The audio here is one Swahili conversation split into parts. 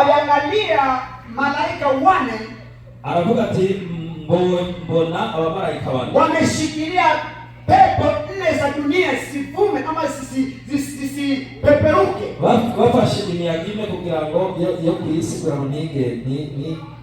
aliangalia malaika wane, aravuga ati mbona malaika wane wameshikilia pepo nne za dunia sivume ama zisipeperuke, bafashe imiyaga ine kugira ngo yo ku isi kugira ngo nige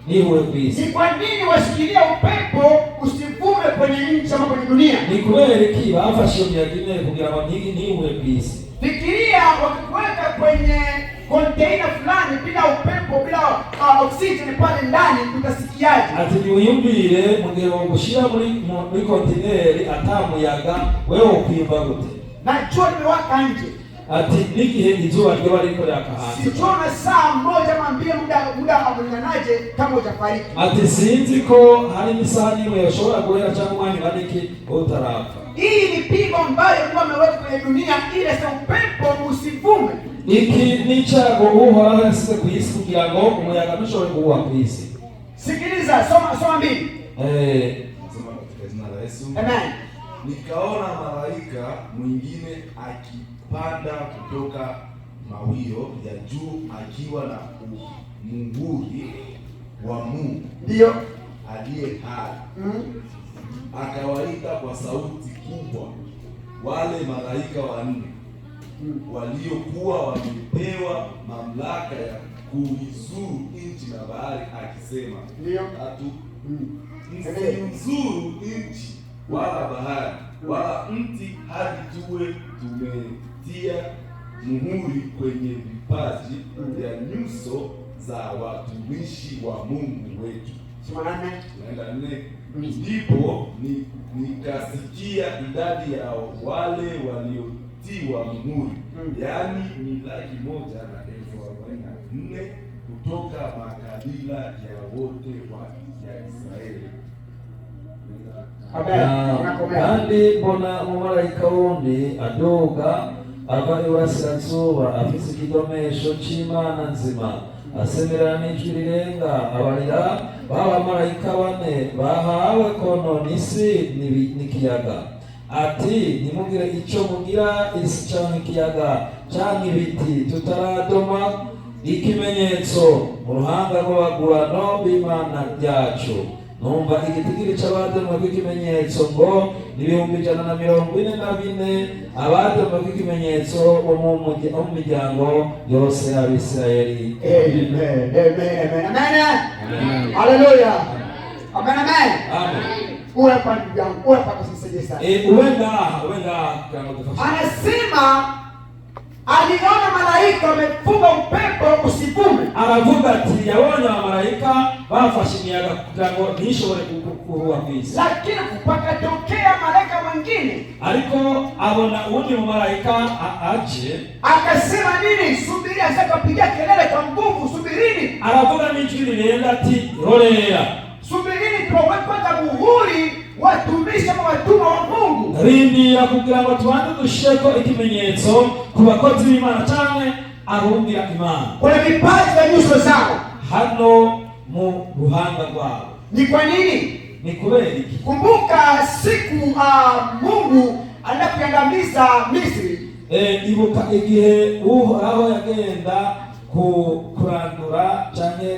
nihure ku isi. Ni kwa nini washikilia upepo usivume kwenye nchi ama kwenye dunia? Ni kubera iki bafashe imiyaga ine kugira ngo nihure ku isi? Fikiria wakikuweka kwenye container fulani bila upepo bila uh, oxygen pale ndani utasikiaje? ati niwiyumvire mugihe wogushira muri muri kontineri atamuyaga wewe ukwimva gute na jua limewaka nje ati n'igihe izuba ryaba ririko riraka hanze sikiona saa moja ama muda muda amulinganaje kama utafariki ati sinzi ko hari n'isaha n'imwe ushobora guhera cyangwa umwanya unaniki utarapfa hii ni pigo ambayo Mungu ameweka kwenye dunia ili sa upepo usivume iki ni icyago ku isi kugira ngo umuyaga dushobore kuwuha ku isi sikiliza soma soma mbili eh amen nikaona malaika mwingine akipanda kutoka mawio ya juu akiwa na munguri wa Mungu ndio aliye hai mm. Akawaita kwa sauti kubwa wale malaika wanne waliokuwa wamepewa mamlaka ya kuizuru nchi na bahari, akisema tatu, msiizuru hmm. nchi wala bahari wala mti hadi tuwe tumetia muhuri kwenye vipaji hmm. vya nyuso za watumishi wa Mungu wetu. Naenda nne. Hmm. Ndipo nikasikia idadi ya wale walio si kutiwa muhuri, hmm. yaani ni laki moja na elfu arobaini na nne kutoka makabila ya wote wa ya Israeli. kandi mbona umumarayika wundi aduga ava iburasirazuba afise ikidomesho c'Imana nzima asemerana n'ijwi rirenga abarira b'abamarayika bane bahawe kono n'isi n'ikiyaga ati nimugire icyo mugira isi cyangwa ikiyaga cyangwa ibiti tutaratuma ikimenyetso mu ruhanga rw'abagurano b'imana ryacu numva igitigiri cy'abatemwe k'ikimenyetso ngo ibihumbi ijana na mirongo ine na bine abatemwe k'ikimenyetso bo mu miryango yose y'abisirayeli amen amen amen amen haleluya amen amen amen uwe eh, Anasema aliona malaika wamefunga upepo usivume. Anavuga ati yaona malaika wafashimiaga kutango nisho wale kwisi. Lakini pakatokea malaika mwingine. Aliko abona undi malaika aje. Akasema nini? Subiria asakapiga kelele kwa nguvu, subirini. Anavuga nijili lenda ati rolea ilipowekwa muhuri watumishi ama watumwa wa Mungu rindira kugira ngo twandikisheko ikimenyetso ku bakozi b'Imana cyane abumvira Imana kuna vipaji vya nyuso zao hano mu ruhanga rwabo ni kwa nini? Ni kubera iki? Kumbuka siku uh, Mungu anapoangamiza Misri eh, ibuka igihe Uhoraho yagenda kurandura cyane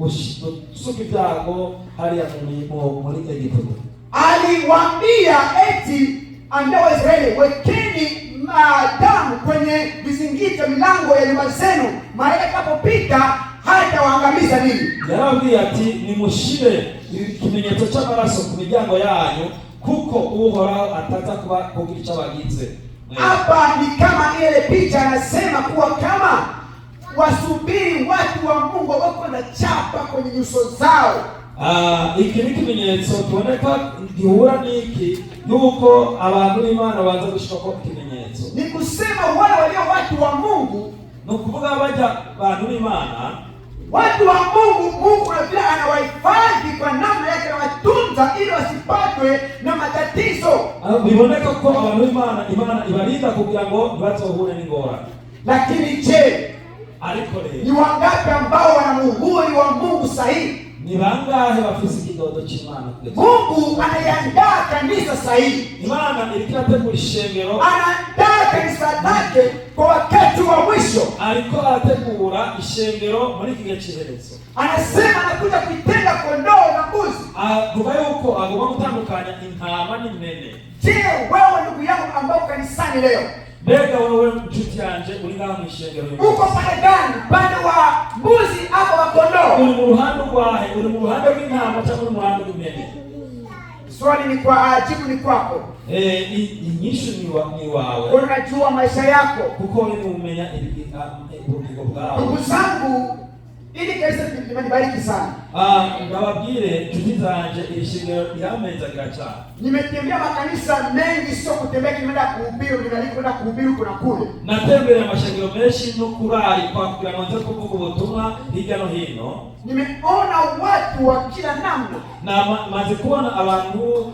gusuka ibyago hariya muri Egiputa. eti ambao Waisraeli, wekeni madamu kwenye vizingiti milango ya nyumba zenu, malaika hata hatawaangamiza nini. Yarababwiye ati nimushibe ikimenyetso cy'amaraso ku miryango yanyu kuko Uhoraho ataza kuba kugira icyo abagize. Hapa ni kama ile picha anasema kuwa kama wasubiri watu wa Mungu wako na chapa kwenye nyuso zao. Uh, iki ni ikimenyetso tuboneka gihura n'iki nuko abantu b'Imana baza gushika ko ni kusema wale walio watu wa Mungu, ni ukuvuga baja bantu b'Imana, watu wa Mungu. Mungu na anawahifadhi kwa namna yake, anawatunza ili wasipatwe na matatizo. Ah, biboneka ko abantu b'Imana, Imana ibarinda kugira ngo ntibatohure n'ingorane. Lakini je ariko rero ni wangapi ambao wana muhuri wa Mungu sahihi? Ni bangahe bafise kidodo cy'Imana? Mungu anayandaa kanisa sahihi. Imana irategura ishengero, anandaa kanisa lake kwa wakati wa mwisho. Ariko arategura ishengero muri iki kiherezo anasema anakuja kuitenga kondoo na mbuzi, avuga yuko agomba gutandukanya intama n'impene. Je, wewe ndugu yangu ambao kanisani leo bega wewe anje cyanje ulingana mwishengero uko pale gani? pande wa mbuzi ako wa kondoo uri mu ruhande rwahe uri mu ruhande rw'intama cyangwa uri kwa ruhande rw'impene swali ni kwa ajibu ni kwako eh inyishu ni wa ni wawe unajua maisha yako kuko ni umenya ibigika ah, eh, ndugu zangu ili kanisa limebariki sana. Ah, ngawabwire nshuti zanje iri shingiro ryamenzagira cyane. Nimetembea makanisa mengi, sio kutembea kimenda kuhubiri, ninalikwenda kuhubiri kuna kule. Natembea na mashangilio meshi no kurali kwa kwa mwanzo nze kuvuga ubutumwa hirya no hino. Nimeona watu wa kila namna. Na ma, maze kubona abantu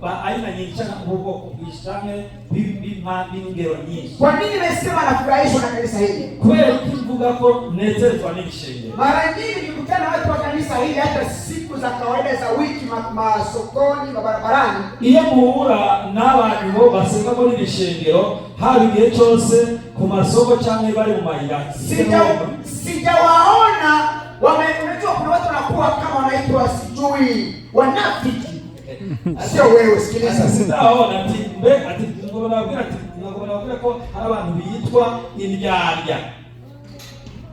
ba aina nyingi sana huko kubishane bibi ma bingero nyingi. Kwa nini nimesema nafurahishwa na kanisa hili? Kweli kivuga kwa nezerwa ni kuisha ile. Mara nyingi nikikutana watu wa kanisa hili, hata siku za kawaida za wiki, masokoni, mabarabarani, iyo muhura n'abantu basengamo n'ibishengero haba igihe cyose ku masoko cyangwa bari mu mayira, sijawaona Kuna watu wanakuwa kama wanaitwa sijui wanafiki. Sio wewe, sikiliza, sijaona ati mbe ati ngo banabwira ati ngo banabwira ko hari abantu bitwa indyarya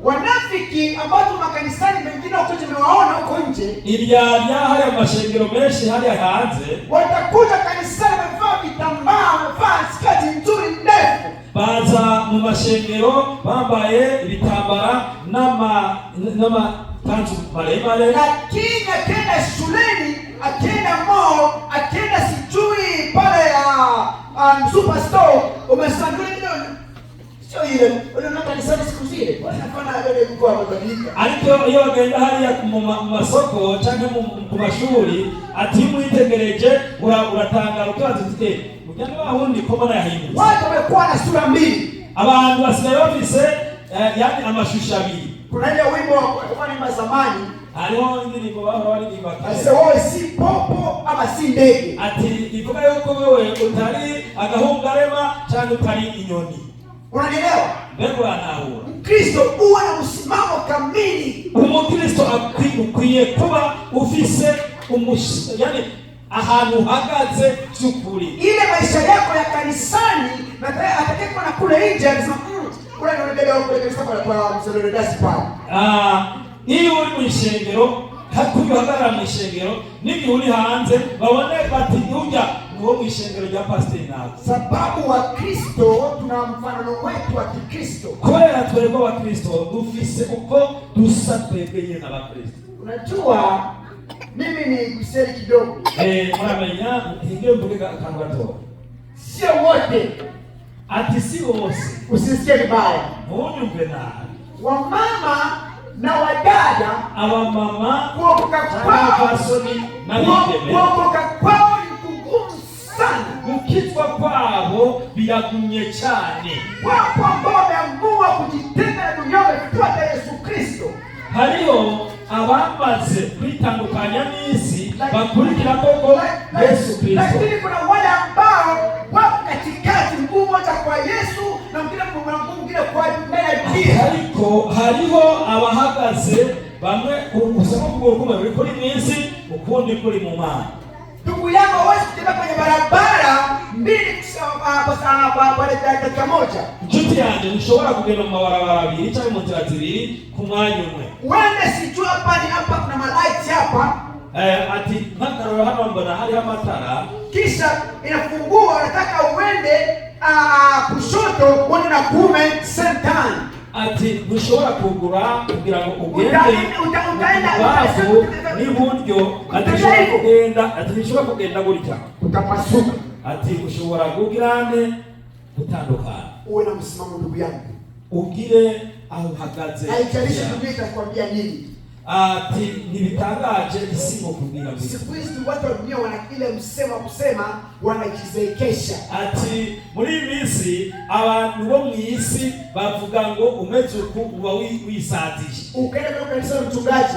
wana unafiki ambazo makanisani mengine watu tumewaona huko nje, ibyabya haya mashengero menshi hali hanze, watakuja kanisani wamevaa vitambaa, wamevaa skati nzuri ndefu, baza mu mashengero bambaye ibitambara n'ama n'ama kanzu maremare, lakini akenda shuleni, akenda mall, akenda sijui pale ya um, superstore umesangulia Sio ile unaona kanisani siku zile. Bwana hapana yale mko amebadilika. Ariko iyo agenda hariya ku masoko canke ku mashuri ati mwitegereje uratangara ukazi ufite mujyana kwa ko mbona yahindutse. Watu wamekuwa na sura mbili. Abantu basigaye bafise eh, yani amashusho abiri. Kuna ile wimbo wa zamani kwa indirimbo bahora baririmba kwa. Ese wowe si popo ama si ndege. Ati ivuga yuko wewe utari agahungarema inyoni. Unanielewa? Mbegu anaua. Mkristo uwe na msimamo kamili. Umukristo ukwiye kuba ufise umush yani ahantu uhagaze shughuli. Ile maisha yako ya kanisani na atakayekuwa na kule nje anasema mm, kule ndio ndio ndio kule kanisa kwa kwa msalimu dasi pa. Ah, hiyo ni mshengero hakuyo hagara mshengero niki uri hanze babone bati uja sababu wa kristo tuna mfano wetu wa kikristo kubera twebwe wa kristo dufise uko dusa twebweye Kristo. unajua mimi ni kuseri kidogo eh mwanamenya ingire mvuge akantu gatoya sio wote ati si wose usisikie vibaya munyumve Wa mama na wadada awa mama kuokoka kwao kuokoka kwao kupitwa kwabo biragumye cyane. Wapo ambao wameamua kujitenga na dunia, wamefuata Yesu Kristo. Hariho abamaze kwitandukanya n'isi bakurikira koko Yesu Kristo, lakini kuna wale ambao wapo katikati, mguu moja kwa Yesu na mwingine mwingine kwa dunia. Ariko hariho abahagaze bamwe kusema kuguru kumwe kuri mwisi ukundi kuri mu mana. Ndugu yako hawezi kwenye barabara mbili dakika moja inshuti yanjye ntushobora kugenda mu mabarabara abiri cyangwa mu nzira zibiri ku mwanya umwe wende sijua pale hapa kuna malaiti hapa eh, ati ntakarora hano mbona hariho amatara kisha inafungua nataka uende uh, ah, kushoto uende na kuume same time ati ntushobora kugura kugira ngo ugende ubavu n'iburyo ati ntushobora kugenda ati ntushobora kugenda gutya utapasuka ati ushobora kubwirane gutandukana uwe na msimamo ndugu yangu ugire aho uhagaze haijalishi dunia itakwambia nini ati ah, ntibitangaje isibo kubwira mbere. Siku hizi watu wa wana ile msemo kusema wanajizeekesha. Ati muri iyi abantu bo mwisi bavuga ngo umeze uku uba wisatije. kwa kanisa mchungaji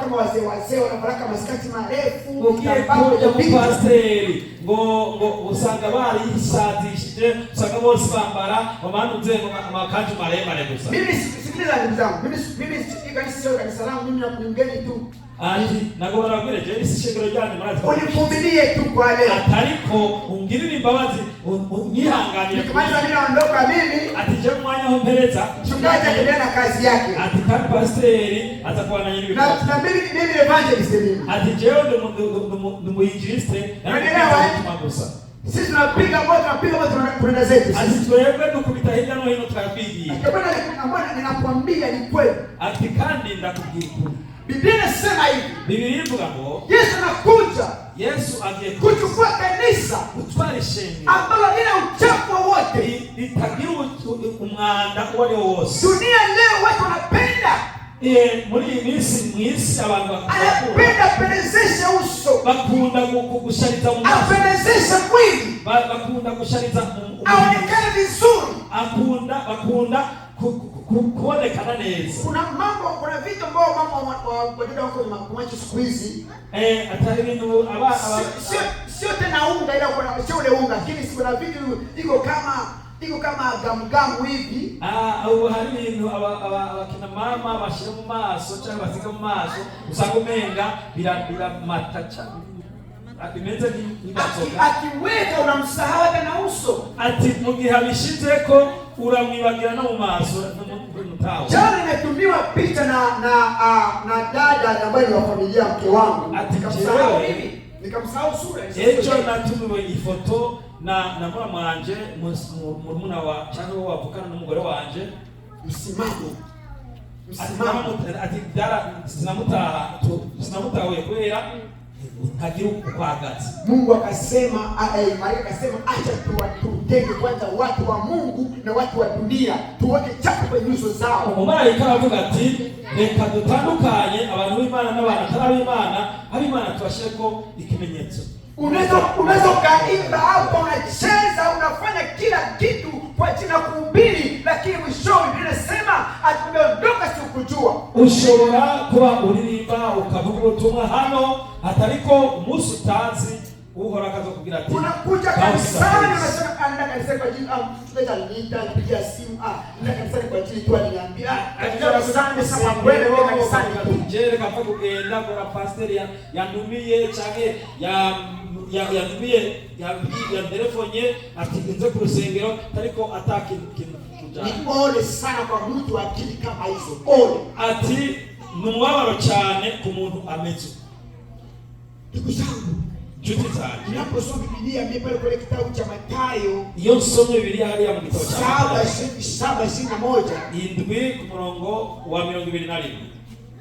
kama wazee wazee kama marefu. kwa pasteri ngo ngo usanga bari usanga bose bambara bamanutse gusa. Mimi sikiliza ndugu zangu, mimi mimi kanisa sio kanisa langu mimi, nakuimbeni tu Ati nagomba kubwira je isi shingiro ryanje murazi. Univumilie tu kwa leo. Atariko ungirire imbabazi unyihanganiye. Kwanza mimi naondoka mimi. Ati je mwanya ho mpereza. Chungaji na kazi yake. Ati kwa pasteri atakuwa na nyinyi. Na na mimi mimi evangelist mimi. Ati je ndo ndo muinjiliste. Endelea wapi magusa. Sisi tunapiga kwa tunapiga kwa tunakwenda zetu. Asitwewe ndo kupita hili ano hino tunapiga. Bwana bwana ninakwambia ni kweli. Ati ndakujibu. Biblia inasema hivi. Biblia ivuga ngo Yesu anakuja. Yesu aje kuchukua kanisa kutwara sheni. Ambalo lina uchafu wote. Litagira umwanda wale wose. Dunia leo watu wanapenda. Eh, muri misi mwisi abantu. Anapenda pende bakunda kugushariza mu maso, apendezesha bakunda kushariza aonekane vizuri, akunda bakunda kuonekana neza. Kuna mambo, kuna vitu ambao mama wadada wako makumacho siku hizi eh, hata hivi aba sio tena unga, ila kuna sio ile unga, lakini kuna vitu iko kama iko kama gamugamu hivi ah ubu hari ibintu abakina mama bashira mu maso cyangwa basiga mu maso usanga umenga biramata cyane akimeze n'ibatsoka akiweka unamsahau hata na uso ati mu gihe abishizeko uramwibagira no mu maso Jana nimetumiwa picha na na uh, na dada ambaye ni wa familia mke wangu. Ati nikamsahau mimi. Nikamsahau sura. Ejo natumiwe ifoto na na mwana mwanje murumuna wa cyangwa wavukana n'umugore wanje msimamo msimamo ati dara sinamutaha sinamutawe kubera hagira ukwagati Mungu akasema eh, Maria akasema acha tuwatutege kwanza watu wa Mungu na watu wa dunia tuweke chapa kwenye nyuso zao. Umumarayika aravuga ati reka dutandukanye abantu b'Imana n'abantu atari ab'Imana ab'Imana tubashyireko ikimenyetso Unaweza unaweza ukaimba hapa, unacheza, unafanya kila kitu kwa ajili ya kuhubiri, lakini mwishowe Biblia inasema ati umeondoka sikujua. ushobora kuba uririmba ukavuga ubutumwa hano atariko musutanzi uhora akaza kugira ati unakuja kanisani unasema anda ah, kanisani kwa ajili au ah, tunaita nita kupigia simu ah nita kanisani kwa ajili tu aliniambia ah, kanisani sasa kweli wewe kanisani kujere kapaka kenda kwa pastor ya yandumiye change ya yatuye yamperefonye ati nze ku rusengero ariko atakintu ni ole sana kwa mtu akili kama hizo ole ati ni umubabaro cyane ku muntu ameze ndugu zangu nshuti zanjye ninaposoma bibiliya kitabu iyo nsomye bibiliya hariya mu gitabo saba moja indwi ku murongo wa mirongo ibiri na rimwe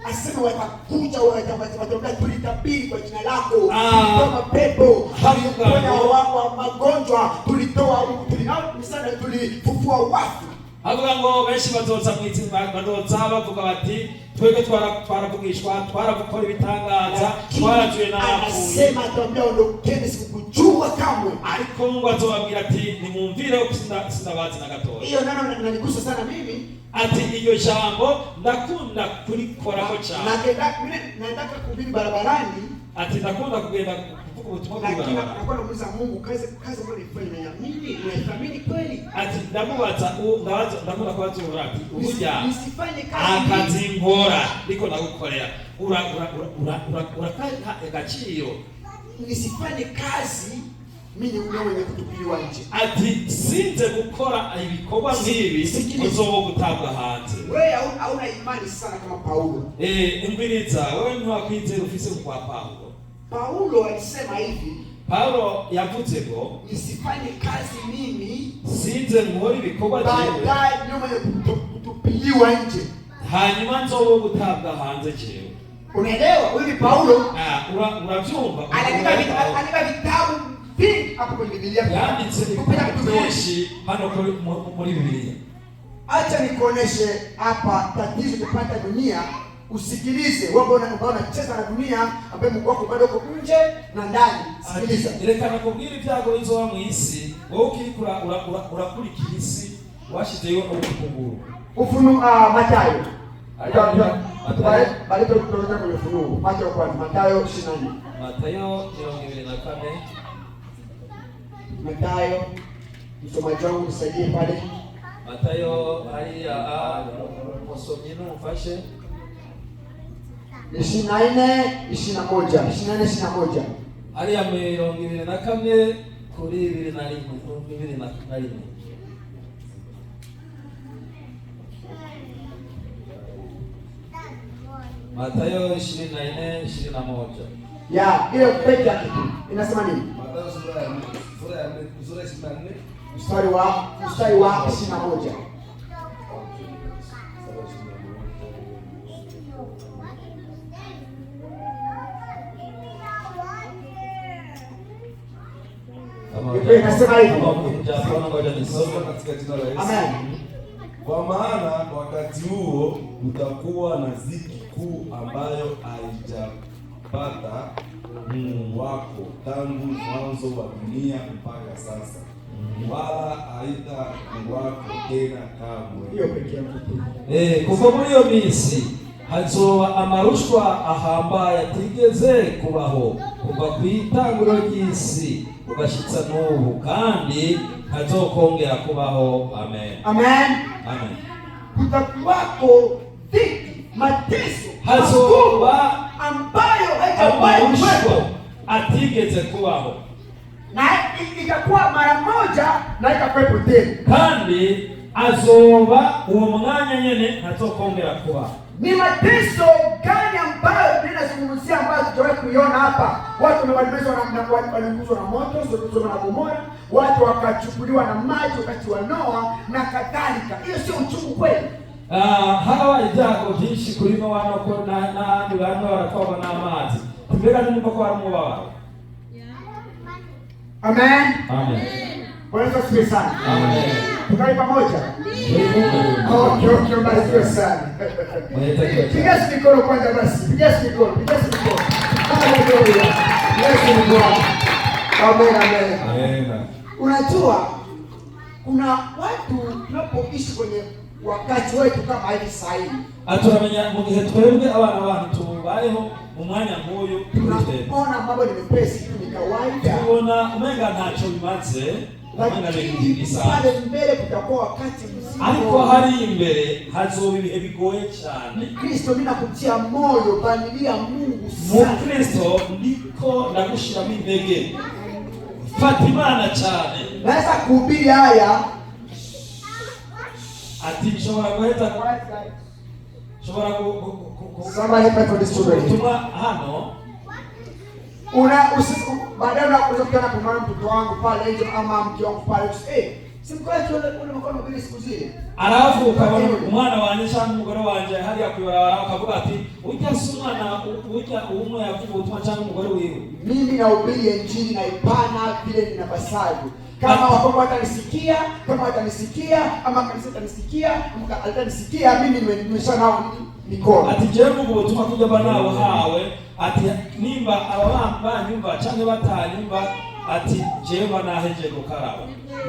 asema watakuja watatokea kulita mbili kwa jina lako, kama ah. pepo tuliponya wao magonjwa, tulitoa tuliamsana, tulifufua wafu. Avuga ngo benshi bazoza mwitsimba bazoza bavuga bati twebwe twaravugishwa twaravukora ibitangaza twarajuye n'abapfuye. Anasema atawambia ondokeni, sikukujua kamwe. Ariko Mungu atawabwira ati nimumvire, sindabazi na gatoya. Hiyo nano nanigusa sana mimi ati iyo jambo ndakunda kurikoraho cyane. Nataka kuhubiri barabarani, ati ndakunda kugenda kuvuga ubutumwa bwa bw'Imana. Nakwenda kuuliza Mungu kaze kaze muri kazi ya mimi na ifamini kweli? Ati ndamubaza ndabaza ndakunda kubaza usifanye kazi akazi ngora niko ndagukorera. Ura ura ura ura ura kaza agaciro. Nisifanye kazi mini umwe wenye kutupiriwa nje ati sinze gukora ibikorwa nk'ibi sikirizo wo gutabwa hanze wewe hauna imani sana kama Paulo eh imbiriza wewe ni ntiwakwizera ofisi kwa Paulo Paulo alisema hivi Paulo yavutse go nisifanye kazi mimi sinze ngori ibikorwa jewe baadaye nyuma ya kutupiliwa nje hanyuma nzowo gutabwa hanze jewe unaelewa wewe Paulo ah unavyumva anaandika vitabu bingi kwenye Biblia Biblia. Acha nikuoneshe hapa tatizo kupata dunia, usikilize wewe, ambao unacheza na dunia, ambaye Mungu wako bado uko nje na ndani. Sikiliza, reka nakubwira ibyago bizoba mu isi, wowe ukikura urakurikira isi washizeyo ubukuguru ufunu uh, Matayo barito tutoleza kwenye ufunuo macho kwa Matayo 24 Matayo 24 Mathayo, msomaji wangu nisaidie pale. Mathayo haya a msomyino mfashe. 24 21 24 21 hariya mirongo ibiri na kane kuri bibiri na rimwe bibiri na rimwe Mathayo 24 moja. ya ile peke yake inasema nini? mstari wa mstari wa hamsini na moja Kwa maana wakati huo utakuwa na ziki kuu ambayo haijapata Mungu wako tangu mwanzo wa dunia mpaka sasa, wala haita kuwako tena kamwe. Eh, e, kuva muri iyo minsi hazoba amarushwa ahambaye atigeze kubaho kuva ku itangiro ry'isi ugashitsa n'ubu kandi hazokongera kubaho. Amen, amen, amen. Kutakuwako dhiki, mateso, hazoba amba uweko atigeze kubaho na ikakuwa mara moja na ikakwepo tena kandi azoba uwo mwanya nyene ntazokongera kuba. Ni mateso gani ambayo ninazungumzia ambayo tujawahi kuiona hapa? Watu waliguzwa na moto, waliguzwa na Gomora, watu wakachukuliwa na maji wakati wa Noa na kadhalika. Hiyo sio uchungu kweli? Ah, hawa ibyago byinshi kuri mo wano ko n'ahandi bamwe baratwarwa n'amazi mbega n'umva ko hari umubabaro amen amen bwana asifiwe sana amen tungali pamoja mbarikiwe sana pigasi mikono kwanza basi pigasi mikono pigasi mikono haleluya yesu ni bwana amen amen unajua kuna watu tunapoishi kwenye wakati wetu kama hivi sasa hivi aturamenya mu gihe twebwe abana bantu tubayeho mu mwanya nk'uyu tunaona mambo ni mepesi tu ni kawaida tubona umenga ntacyo bimaze pale mbele kutakuwa wakati mzito hari imbere hazoba bigoye cyane kristo minakutia moyo banilia mungu sana mu kristo ndiko intege fata imana cyane naweza kuhubiri haya ati bishobora guhita bishobora gutuma hano una usiku baadaye unakuja kutana kumana mtoto wangu pale nje ama mke wangu pale eh Alafu ukabona umwana wanje cyangwa umugore wanje hariya kuibarabara ukavuga ati ujya si umwana ujya umwe yavuga ubutumwa cyangwa umugore wiwe. Mimi nahubiri Injili naipana vile ninapasavyo kama wakubwa watanisikia, kama watanisikia ama kanisa atanisikia, tanisikia, atanisikia mimi nimesha nao mikono ati jewe gutuma tujya banawe hawe ati nimba ababamba nyumba canke nyumba, ati jewe banaheje gukaraba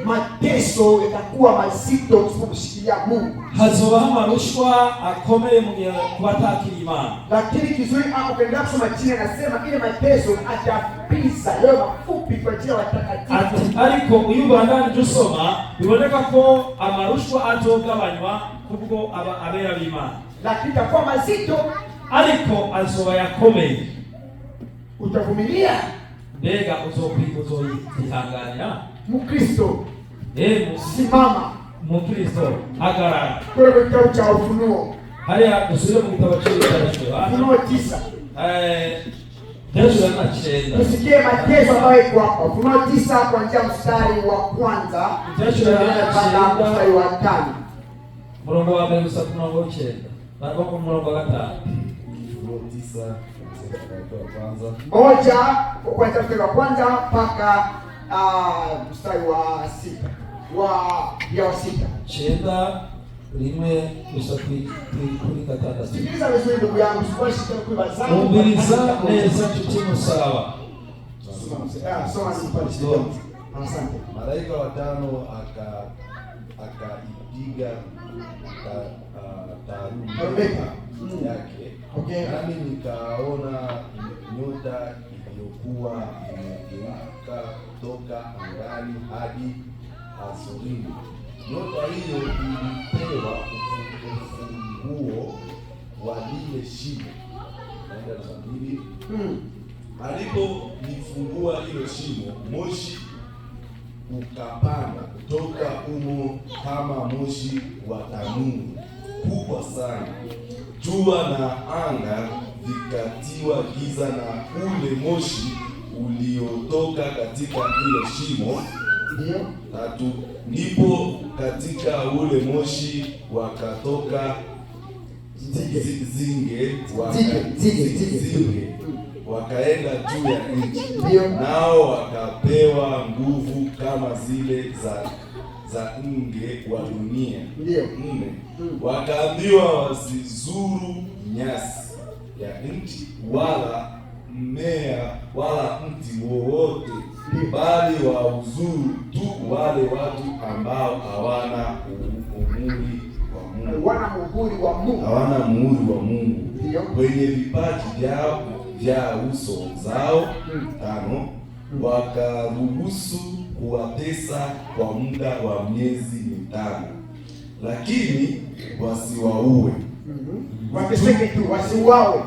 mateso yatakuwa mazito kumshikilia Mungu, hazobaho marushwa akomeye kubatakira Imana. Lakini kizuri hapo, ukaendelea kusoma chini, anasema ile mateso atapisa leo mafupi kwa ajili ya watakatifu. Ariko uyu ubandana ujya usoma biboneka ko amarushwa azogabanywa kubwo aba abera b'Imana, lakini itakuwa mazito, ariko azoba yakomeye. Utavumilia? Mbega uzoihanganira Mkristo, eh, simama. Mkristo hagarara. Kwewe kitabu cha Ufunuo, hariya dusubire mu gitabo cy'Ufunuo, Ufunuo tisa eh, tusikie mateso ambayo iko hapa. Ufunuo tisa kuanzia mstari wa kwanza mpaka mstari wa tano murongo wa mbere gusa kumurongo w'icyenda ntabwo ku murongo wa gatanu moja kuanzia mstari wa kwanza mpaka Ah, mstari wa sita wa ya sita chenda rimwe gusa kuri gatandatu. Sikiliza vizuri ndugu yangu, Umbiliza neza ah, Soma Asante. Malaika watano aka akaipiga ah, tarumbeta mm. yake. Okay. Nami nikaona nyota iliyokuwa imegeuka kuamka kutoka angani hadi azurini. Nyota hiyo ilipewa ufunguo wa lile shimo. Hmm. Alipolifungua hilo shimo, moshi ukapanda kutoka humo kama moshi wa tanuru kubwa sana. Jua na anga vikatiwa giza na ule moshi uliotoka katika hilo shimo tatu, mhm. ndipo katika ule moshi wakatoka zinge wakaenda juu ya nchi, nao wakapewa nguvu kama zile za za nge wa dunia nne. Mm. Wakaambiwa wasizuru nyasi ya nchi wala mmea wala mti wowote, bali wa uzuru tu wale watu ambao hawana umuhuri wa Mungu, hawana muhuri wa Mungu kwenye vipaji vyao vya uso zao. Hmm. Tano, hmm. wakaruhusu kuwatesa kwa muda wa miezi mitano, lakini wasiwaue. Hmm. Wateseke tu, wasiwaue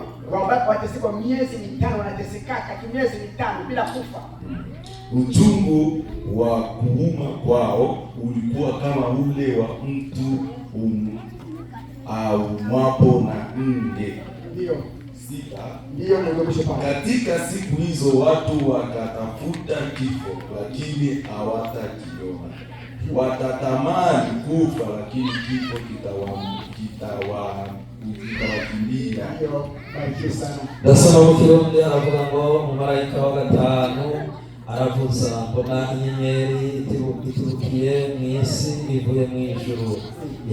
watesikwa miezi mitano, wanatesekaka miezi mitano bila kufa. Uchungu wa kuuma kwao ulikuwa kama ule wa mtu um, aumwapo na nge. Ndio sita. Ndio katika siku hizo watu wakatafuta kifo, lakini hawatakiona watatamani kufa, lakini kifo kitawakimbia. Ndasoma mu kirundi aravuga ngo umumarayika wa gatanu aravuza, mbona inyenyeri iturukiye mu isi ivuye mu ijuru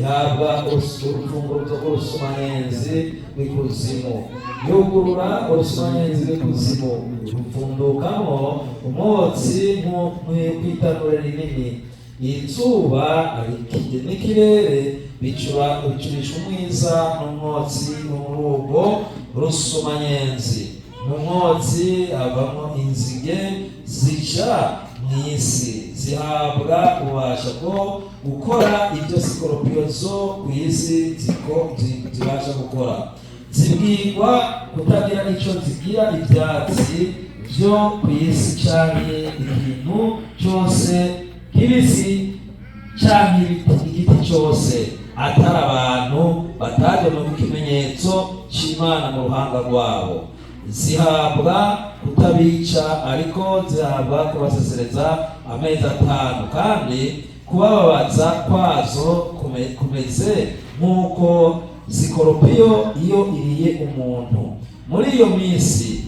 yaba urufunguruzo rw'urusumanyenzi rw'ikuzimu yugurura urusumanyenzi rw'ikuzimu rupfundukamo umwotsi nk'ukwitanure rinini izuba n'ikirere bicurishwa umwiza n'umwotsi w'umurugo rusumanyenzi mu mwotsi havamo inzige zica mu isi zihabwa ubasha bwo gukora ibyo sikoropiyo zo ku isi zibasha gukora zibwirwa kutagira icyo zigira ibyatsi byo ku isi cyane ikintu cyose kibisi canke igiti cyose atari abantu batajwe mu kimenyetso c'Imana mu ruhanga rwabo zihabwa kutabica ariko zihabwa kubasesereza amezi atanu kandi kubababaza kwazo kumeze nk'uko sikoropiyo iyo iriye umuntu muri iyo minsi